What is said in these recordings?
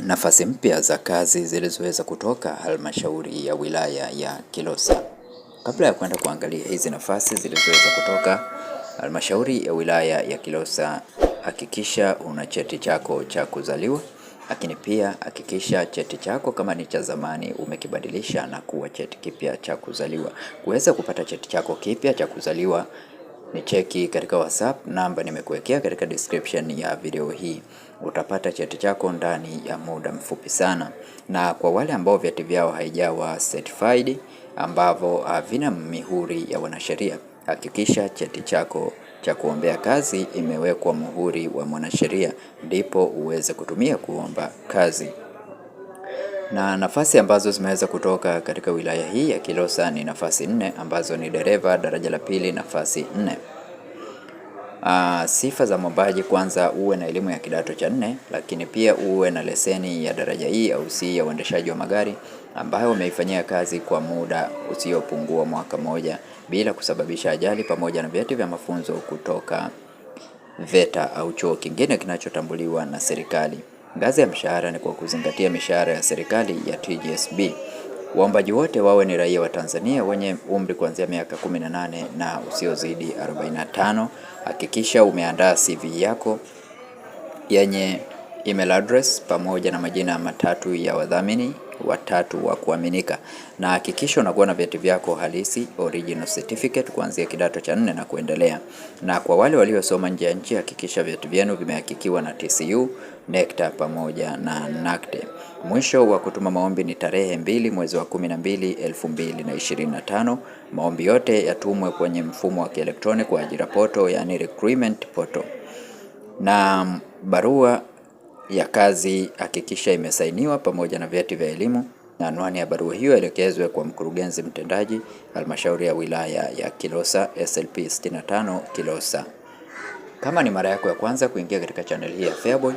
nafasi mpya za kazi zilizoweza kutoka halmashauri ya wilaya ya Kilosa. Kabla ya kwenda kuangalia hizi nafasi zilizoweza kutoka halmashauri ya wilaya ya Kilosa, hakikisha una cheti chako cha kuzaliwa, lakini pia hakikisha cheti chako kama ni cha zamani umekibadilisha na kuwa cheti kipya cha kuzaliwa. Kuweza kupata cheti chako kipya cha kuzaliwa ni cheki katika WhatsApp, namba nimekuwekea katika description ya video hii. Utapata cheti chako ndani ya muda mfupi sana, na kwa wale ambao vyeti vyao haijawa certified, ambavyo havina mihuri ya wanasheria, hakikisha cheti chako cha kuombea kazi imewekwa muhuri wa mwanasheria, ndipo uweze kutumia kuomba kazi. Na nafasi ambazo zimeweza kutoka katika wilaya hii ya Kilosa ni nafasi nne ambazo ni dereva daraja la pili nafasi nne. Aa, ah, sifa za mwombaji kwanza, uwe na elimu ya kidato cha nne, lakini pia uwe na leseni ya daraja hii au si ya uendeshaji wa magari ambayo umeifanyia kazi kwa muda usiopungua mwaka moja bila kusababisha ajali, pamoja na vyeti vya mafunzo kutoka VETA au chuo kingine kinachotambuliwa na serikali. Ngazi ya mshahara ni kwa kuzingatia mishahara ya serikali ya TGSB. Waombaji wote wawe ni raia wa Tanzania wenye umri kuanzia miaka 18 na usiozidi 45. Hakikisha umeandaa CV yako yenye email address pamoja na majina matatu ya wadhamini watatu wa kuaminika, na hakikisha unakuwa na vyeti vyako halisi original certificate kuanzia kidato cha nne na kuendelea. Na kwa wale waliosoma nje ya nchi, hakikisha vyeti vyenu vimehakikiwa na TCU, NECTA pamoja na NACTE. Mwisho wa kutuma maombi ni tarehe mbili mwezi wa kumi na mbili elfu mbili na ishirini na tano. Maombi yote yatumwe kwenye mfumo wa kielektroniki wa ajira poto, yani recruitment poto na barua ya kazi hakikisha imesainiwa pamoja na vyeti vya elimu na anwani ya barua hiyo elekezwe kwa mkurugenzi mtendaji halmashauri ya wilaya ya Kilosa SLP 65 Kilosa. Kama ni mara yako ya kwanza kuingia katika channel hii ya Feaboy,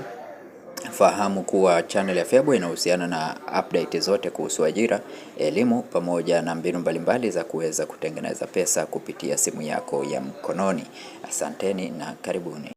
fahamu kuwa channel ya Feaboy inahusiana na update zote kuhusu ajira, elimu pamoja na mbinu mbalimbali za kuweza kutengeneza pesa kupitia simu yako ya mkononi. Asanteni na karibuni.